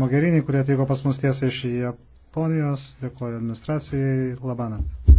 Mogerinį, kurie atvyko pas mus tiesiai iš Japonijos. Dėkuoju administracijai. Labanakt.